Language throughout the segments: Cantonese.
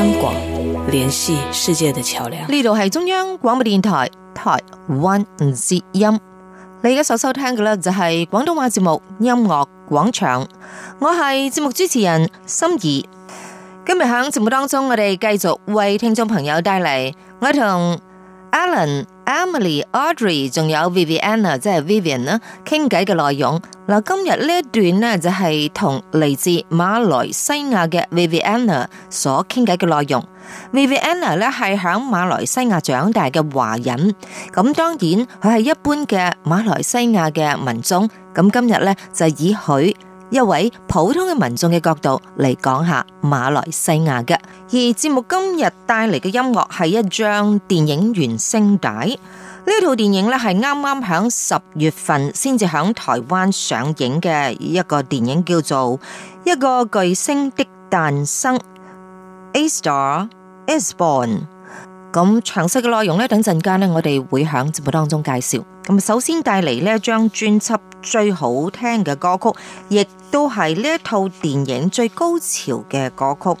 香港聯繫世界的橋樑。呢度係中央廣播電台台灣之音，你而家所收聽嘅咧就係廣東話節目《音樂廣場》，我係節目主持人心儀。今日喺節目當中，我哋繼續為聽眾朋友帶嚟我同 Alan。Emily、Audrey 仲有 Viviana，即係 Vivian 啦，傾偈嘅內容。嗱，今日呢一段咧就係同嚟自馬來西亞嘅 Viviana 所傾偈嘅內容。Viviana 咧係響馬來西亞長大嘅華人，咁當然佢係一般嘅馬來西亞嘅民眾。咁今日咧就以佢一位普通嘅民眾嘅角度嚟講下馬來西亞嘅。而節目今日帶嚟嘅音樂係一張電影原聲帶，呢套電影咧係啱啱響十月份先至響台灣上映嘅一個電影，叫做《一個巨星的誕生》（A Star Is Born）。咁詳細嘅內容呢，等陣間呢，我哋會響節目當中介紹。咁首先帶嚟呢一張專輯最好聽嘅歌曲，亦都係呢一套電影最高潮嘅歌曲。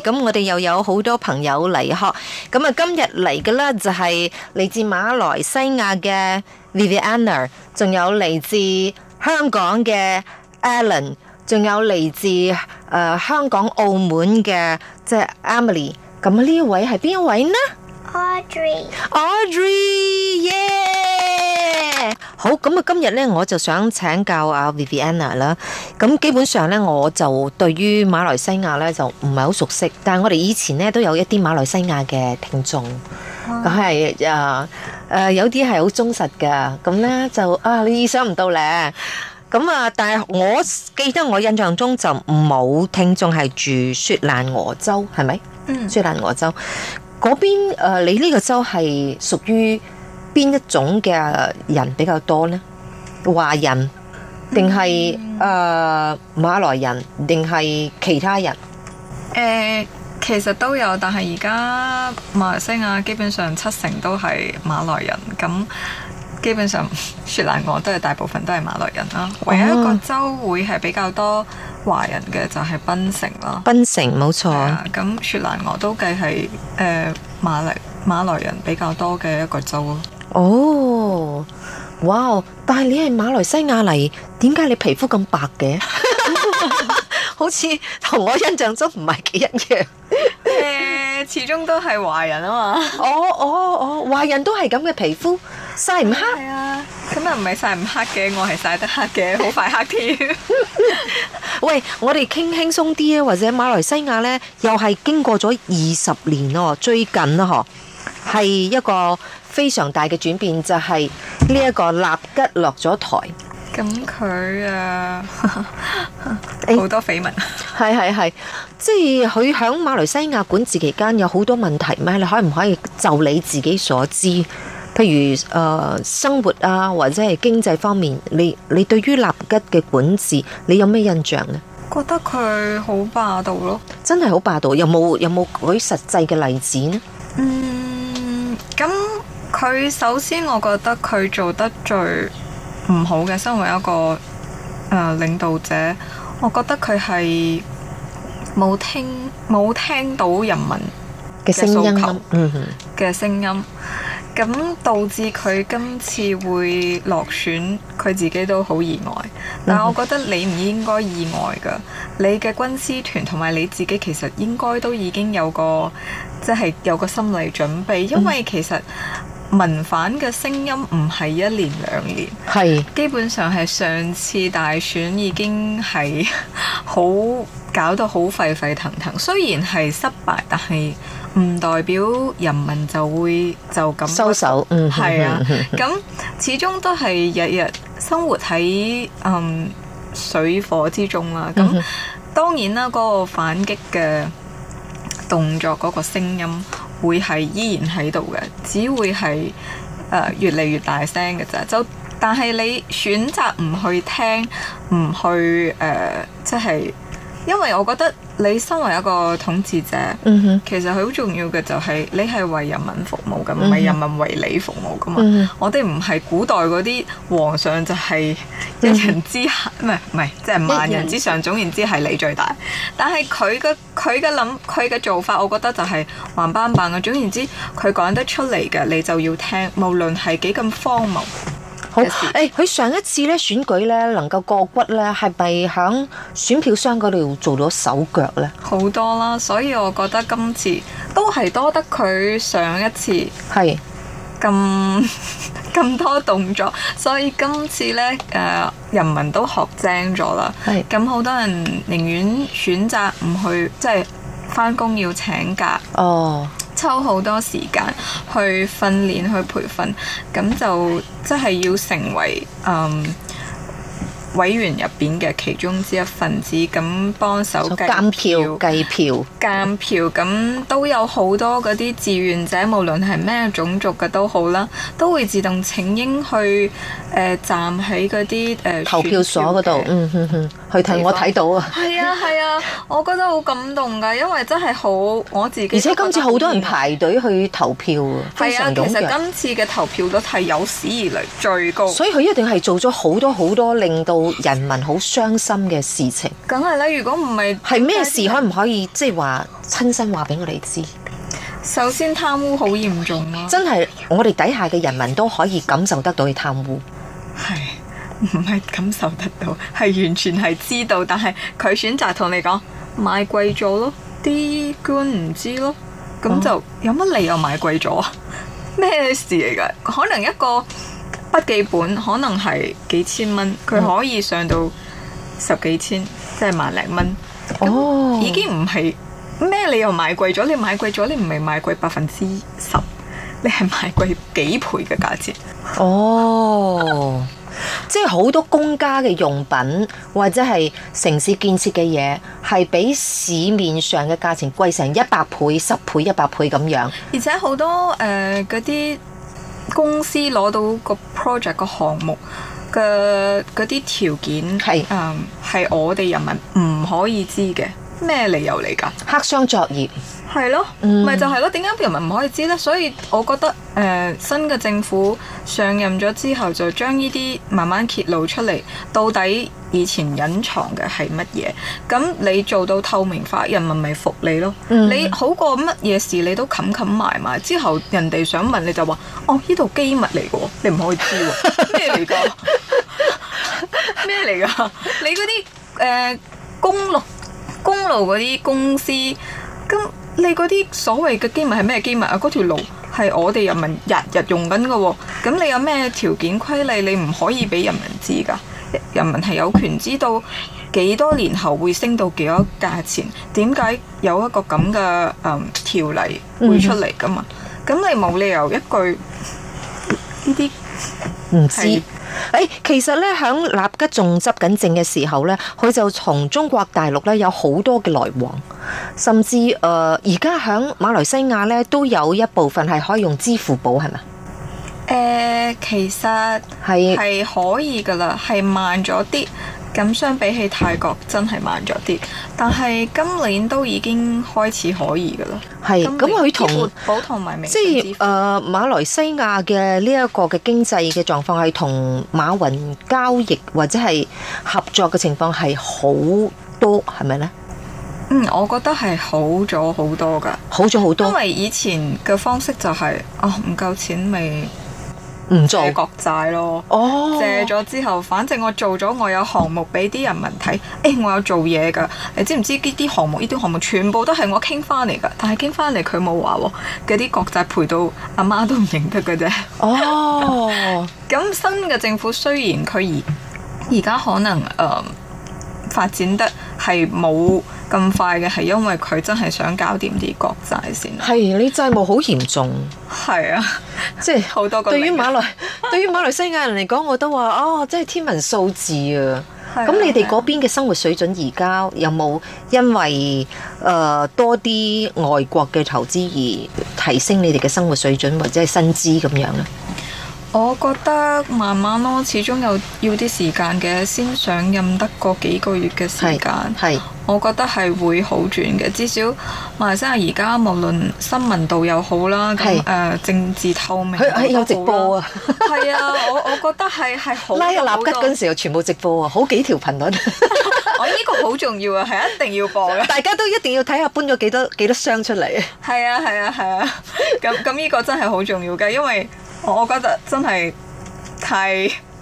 咁、嗯、我哋又有好多朋友嚟學，咁啊今日嚟嘅呢，就係嚟自馬來西亞嘅 Viviana，仲有嚟自香港嘅 Alan，仲有嚟自誒、呃、香港澳門嘅即係 Emily。咁、就、呢、是嗯、一位係邊一位呢？Audrey，Audrey，yeah。Audrey. Audrey, yeah! 好，咁啊！今日咧，我就想請教阿、啊、Viviana 啦。咁、嗯、基本上咧，我就對於馬來西亞咧就唔係好熟悉，但係我哋以前咧都有一啲馬來西亞嘅聽眾，咁係啊誒有啲係好忠實㗎。咁咧就啊，你意想唔到咧。咁、嗯、啊，但係我記得我印象中就冇聽眾係住雪蘭莪州，係咪？嗯，雪蘭莪州嗰邊、呃、你呢個州係屬於？邊一種嘅人比較多呢？華人定係誒馬來人定係其他人？誒，其實都有，但係而家馬來西亞基本上七成都係馬來人，咁基本上雪蘭莪都係大部分都係馬來人啦。哦、唯一一個州會係比較多華人嘅就係檳城啦。檳城冇錯啊、咁雪蘭莪都計係誒馬來馬來人比較多嘅一個州啊。哦，哇！Oh, wow, 但係你係馬來西亞嚟，點解你皮膚咁白嘅？ 好似同我印象中唔係幾一樣， 欸，始終都係華人啊嘛。哦哦哦，華人都係咁嘅皮膚曬唔黑啊？咁啊唔係曬唔黑嘅，我係曬得黑嘅，好快黑添。喂，我哋傾輕鬆啲啊，或者馬來西亞呢，又係經過咗二十年咯，最近啊，嗬，係一個。非常大嘅轉變就係呢一個納吉落咗台。咁佢他啊，好 多緋聞 是是是。係係係，即係佢響馬來西亞管治期間有好多問題咩？你可唔可以就你自己所知，譬如誒、呃、生活啊，或者係經濟方面，你你對於納吉嘅管治你有咩印象呢？覺得佢好霸道咯。真係好霸道，有冇有冇舉實際嘅例子呢？嗯。佢首先，我覺得佢做得最唔好嘅，身為一個誒、呃、領導者，我覺得佢係冇聽冇聽到人民嘅訴求，嘅聲音，咁導致佢今次會落選，佢自己都好意外。但係我覺得你唔應該意外噶，你嘅軍師團同埋你自己其實應該都已經有個即係、就是、有個心理準備，因為其實。嗯民反嘅聲音唔係一年兩年，係是基本上係上次大選已經係好搞到好沸沸騰騰。雖然係失敗，但係唔代表人民就會就咁收手，嗯，係啊。咁 始終都係日日生活喺嗯水火之中啦、啊。咁當然啦，嗰、嗰個反擊嘅動作嗰、嗰個聲音。會係依然喺度嘅，只會係、呃、越嚟越大聲嘅咋。就但係你選擇唔去聽，唔去誒、呃，即係因為我覺得。你身為一個統治者，嗯、哼其實佢好重要嘅就係你係為人民服務嘅，唔係、嗯、哼人民為你服務噶嘛。嗯、哼我哋唔係古代嗰啲皇上就係一人之下，唔係唔係即係萬人之上。總言之係你最大。但係佢嘅佢嘅諗佢嘅做法，我覺得就係橫斑板嘅。總言之，佢講得出嚟嘅，你就要聽，無論係幾咁荒謬。好，誒、欸、佢上一次咧選舉咧能夠過骨咧，係咪喺選票箱嗰度做咗手腳咧？好多啦，所以我覺得今次都係多得佢上一次係咁咁多動作，所以今次咧誒、呃、人民都學精咗啦。係咁的，好多人寧願選擇唔去，即係返工要請假哦。抽好多時間去訓練去培訓，咁就即係要成為、呃、委員入邊嘅其中之一份子，咁幫手計票、計票、監票，咁都有好多嗰啲志願者，無論係咩種族嘅都好啦，都會自動請纓去、呃、站喺嗰啲投票所嗰度。嗯哼哼佢睇我睇到啊！係啊係啊，我覺得好感動噶，因為真係好我自己。而且今次好多人排隊去投票啊，係啊，其實今次嘅投票率係有史以嚟最高。所以佢一定係做咗好多好多令到人民好傷心嘅事情。梗係啦，如果唔係，係咩事，可唔可以,可以即係話親身話俾我哋知？首先貪污好嚴重啊、嗯，真係，我哋底下嘅人民都可以感受得到貪污。係。唔係感受得到，係完全係知道，但係佢選擇同你講買貴咗咯，啲官唔知咯，咁就有乜理由買貴咗啊？咩事嚟㗎？可能一個筆記本可能係幾千蚊，佢可以上到十幾千，即係萬零蚊，哦，已經唔係咩理由買貴咗？你買貴咗，你唔係買貴百分之十，你係買貴幾倍嘅價錢。哦。Oh. 即係好多公家嘅用品或者係城市建設嘅嘢，係比市面上嘅價錢貴成一百倍、十倍、一百倍咁樣。而且好多誒嗰啲公司攞到個 project 個項目嘅嗰啲條件係，誒係是、嗯、我哋人民唔可以知嘅咩理由嚟噶？黑箱作業。係咯，咪、嗯、就係咯，點解人民唔可以知呢？所以我覺得誒、呃，新嘅政府上任咗之後，就將呢啲慢慢揭露出嚟，到底以前隱藏嘅係乜嘢？咁你做到透明化，人民咪服你咯。嗯、你好過乜嘢事，你都冚冚埋埋，之後人哋想問你、哦，你就話哦，呢度機密嚟嘅，你唔可以知。咩嚟㗎？咩嚟㗎？ 你嗰啲誒公路、公路嗰啲公司咁。你嗰啲所謂嘅機密係咩機密啊？嗰條路係我哋人民日日用緊嘅，哦，咁你有咩條件規例，你唔可以俾人民知噶？人民係有權知道幾多年後會升到幾多價錢？點解有一個咁嘅誒條例會出嚟噶嘛？咁、嗯、你冇理由一句呢啲唔知。其實咧，響納吉仲執緊政嘅時候呢，佢就從中國大陸呢有好多嘅來往，甚至誒，而家響馬來西亞呢都有一部分係可以用支付寶，係咪？誒、呃，其實係係可以噶啦，係慢咗啲。咁相比起泰國真係慢咗啲，但係今年都已經開始可以㗎喇。係是，咁佢同保同埋美，即係誒馬來西亞嘅呢一個嘅經濟嘅狀況係同馬雲交易或者係合作嘅情況係好多，係咪呢？嗯，我覺得係好咗好多㗎，好咗好多。因為以前嘅方式就係、是，哦，唔夠錢未。唔做國債咯，哦，借咗之後，反正我做咗我有項目俾啲人民睇，誒、欸、我有做嘢㗎，你知唔知呢啲項目？呢啲項目全部都係我傾翻嚟㗎，但係傾翻嚟佢冇話喎，嗰啲國債賠到阿媽，媽都唔認得嘅啫。哦，咁新嘅政府雖然佢而而家可能誒。呃發展得係冇咁快嘅，係因為佢真係想搞掂啲國債先。係，啲債務好嚴重。係啊的，即係好多。 對於馬來， 對於馬來西亞人嚟講，我都話哦，真係天文數字啊！咁的你哋嗰邊嘅生活水準，而家有冇因為誒、呃、多啲外國嘅投資而提升你哋嘅生活水準或者係薪資咁樣咧？我覺得慢慢咯，始終有要啲時間嘅，先上任得個幾個月嘅時間。係。我覺得係會好轉嘅，至少馬來西亞！而家無論新聞度又好啦，咁誒政治透明好好，有直播啊。係 啊，我我覺得係係好。 拉啊！納吉嗰陣時又全部直播啊，好幾條頻率。我 呢 個好重要啊，係一定要播嘅。 大家都一定要睇下搬咗幾多幾多箱出嚟啊！係啊係啊係啊！咁咁呢個真係好重要嘅，因為，我覺得真係太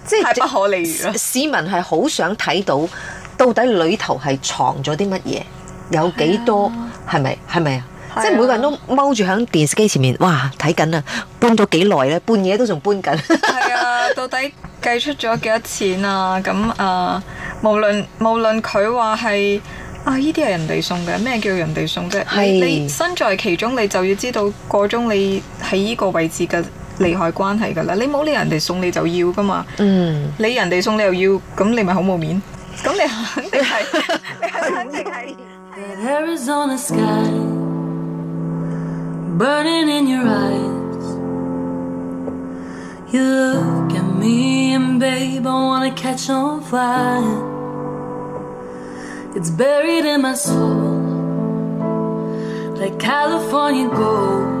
即係太不可理喻啦！市民係好想睇到到底裏頭係藏咗啲乜嘢，有幾多係咪係咪啊？係啊即係每個人都踎住喺電視機前面，哇！睇緊啊，搬咗幾耐咧，半夜都仲搬緊。係啊，到底計出咗幾多錢啊？咁啊，呃，無論無論佢話係啊，呢啲係人哋送嘅，咩叫人哋送啫？係係你，你身在其中，你就要知道個中你喺呢個位置嘅。利害關係㗎啦，你冇理人哋送，你就要㗎嘛，mm. 你人哋送你又要，咁你咪好冇面，咁 你肯定係，你肯定係。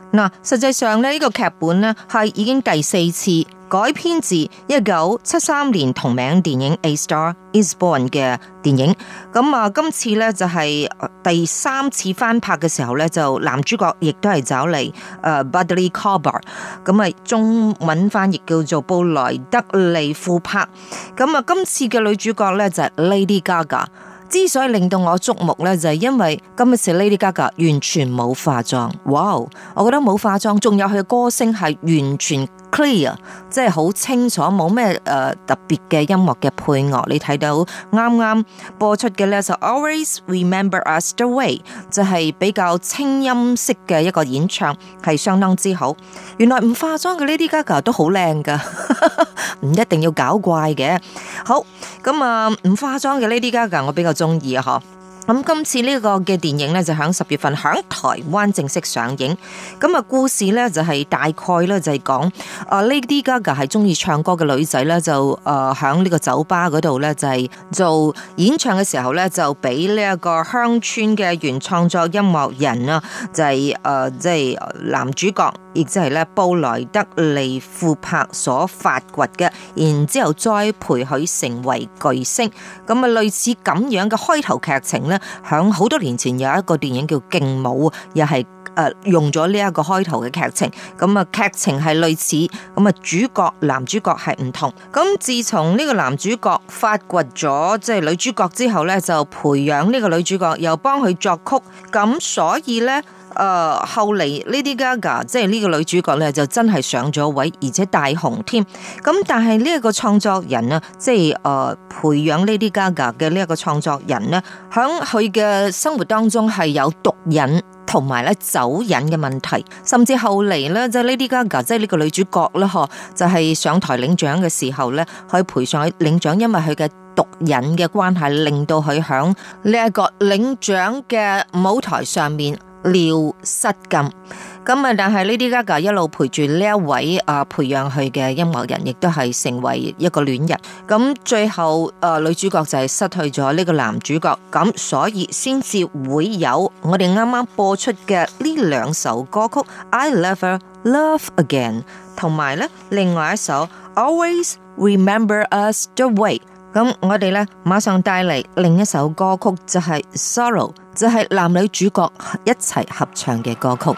嗱，實際上咧，呢個劇本咧係已經第四次改編自一九七三年同名電影《A Star Is Born》嘅電影。咁啊，今次咧就係、是、第三次翻拍嘅時候咧，就男主角亦都係找嚟誒、uh, Bradley Cooper 咁、嗯、啊中文翻譯叫做布萊德利庫柏。咁啊，今次嘅女主角咧就係、是、Lady Gaga。之所以令到我矚目咧，就係因為今次 Lady Gaga 完全冇化妝，哇！我覺得冇化妝，仲有佢嘅歌聲係完全。Clear, 即係好清楚，冇咩誒特別嘅音樂嘅配樂。你睇到啱啱播出嘅咧，就 Always Remember Us The Way，就係比較清音式嘅一個演唱，係相當之好。原來唔化妝嘅 Lady Gaga 都好靚噶，唔 一定要搞怪嘅。好咁啊，唔、呃、化妝嘅 Lady Gaga 我比較中意啊，嗬。咁今次呢個嘅電影咧就喺十月份喺台灣正式上映。咁啊，故事咧就係大概咧就係講，啊 Lady Gaga 係中意唱歌嘅女仔咧就誒喺呢個酒吧嗰度咧就係做演唱嘅時候咧就俾呢一個鄉村嘅原創作音樂人啊就係誒即係男主角。亦即係咧，布萊德利庫柏所發掘嘅，然之後栽培佢成為巨星。咁啊，類似咁樣嘅開頭劇情咧，響好多年前有一個電影叫《勁舞》，又係誒用咗呢一個開頭嘅劇情。咁啊，劇情係類似，咁啊主角男主角係唔同。咁自從呢個男主角發掘咗即係女主角之後咧，就培養呢個女主角，又幫佢作曲。咁所以咧。誒、呃，後嚟 Lady Gaga，即係呢個女主角咧，就真係上咗位，而且大紅添。咁但係呢一個創作人咧，即係誒、呃、培養 Lady Gaga 嘅呢一個創作人咧，響佢嘅生活當中係有毒癮同埋咧酒癮嘅問題，甚至後嚟咧就呢、是、Lady Gaga，即係呢個女主角啦嗬，就係、是、上台領獎嘅時候咧，佢陪上去領獎，因為佢嘅毒癮嘅關係，令到佢響呢一個領獎嘅舞台上面。尿失禁咁啊！但係 Lady Gaga 就一路陪住呢一位啊培養佢嘅音樂人，亦都係成為一個戀人。咁最後啊，女主角就係失去咗呢個男主角，咁所以先至會有我哋啱啱播出嘅呢兩首歌曲《I'll Never Love Again》同埋咧，另外一首《Always Remember Us the Way》。咁我哋咧馬上帶嚟另一首歌曲就係《Sorrow》。就係男女主角一齊合唱嘅歌曲。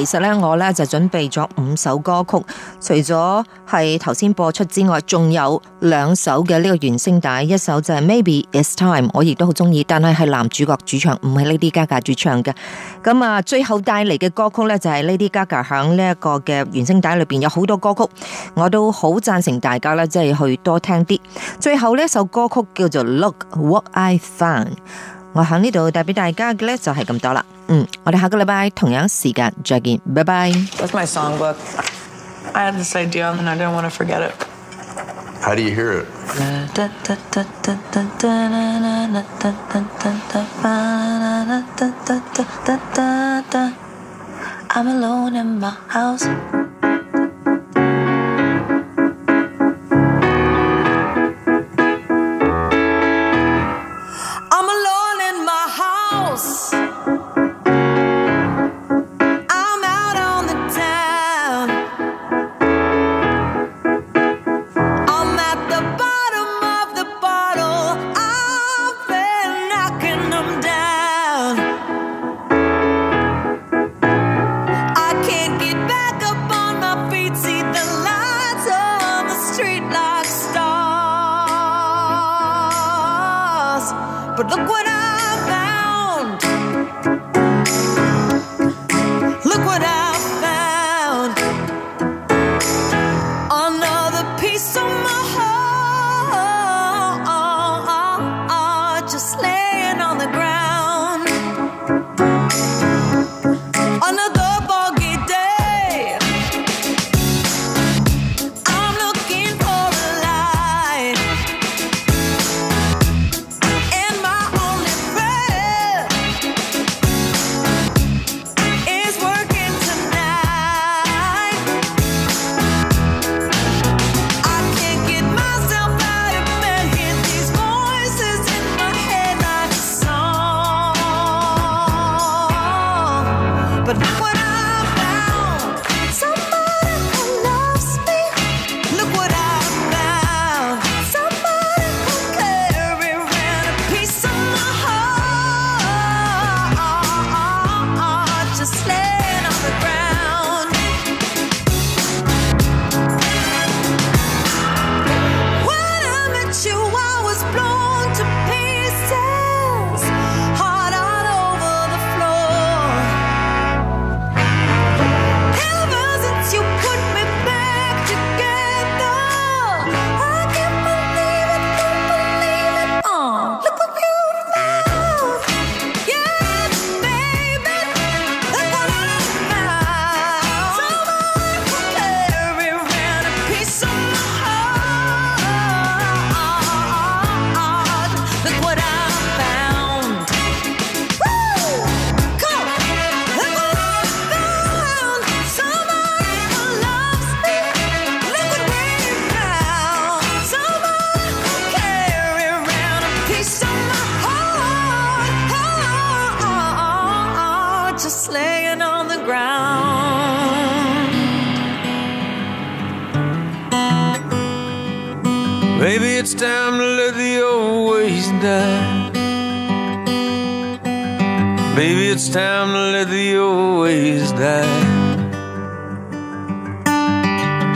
其實咧，我咧就準備咗五首歌曲，除咗係頭先播出之外，仲有兩首嘅呢個原聲帶，一首就係 Maybe It's Time，我亦都好中意，但係係男主角主唱，唔係 Lady Gaga 主唱嘅。咁啊，最後帶嚟嘅歌曲咧就係 Lady Gaga 響呢一個嘅原聲帶裏邊有好多歌曲，我都好贊成大家咧，即係去多聽啲。最後呢首歌曲叫做 Look What I Found。我喺呢度帶俾大家嘅咧就係咁多啦，嗯，我哋下個禮拜同樣時間再見，拜拜。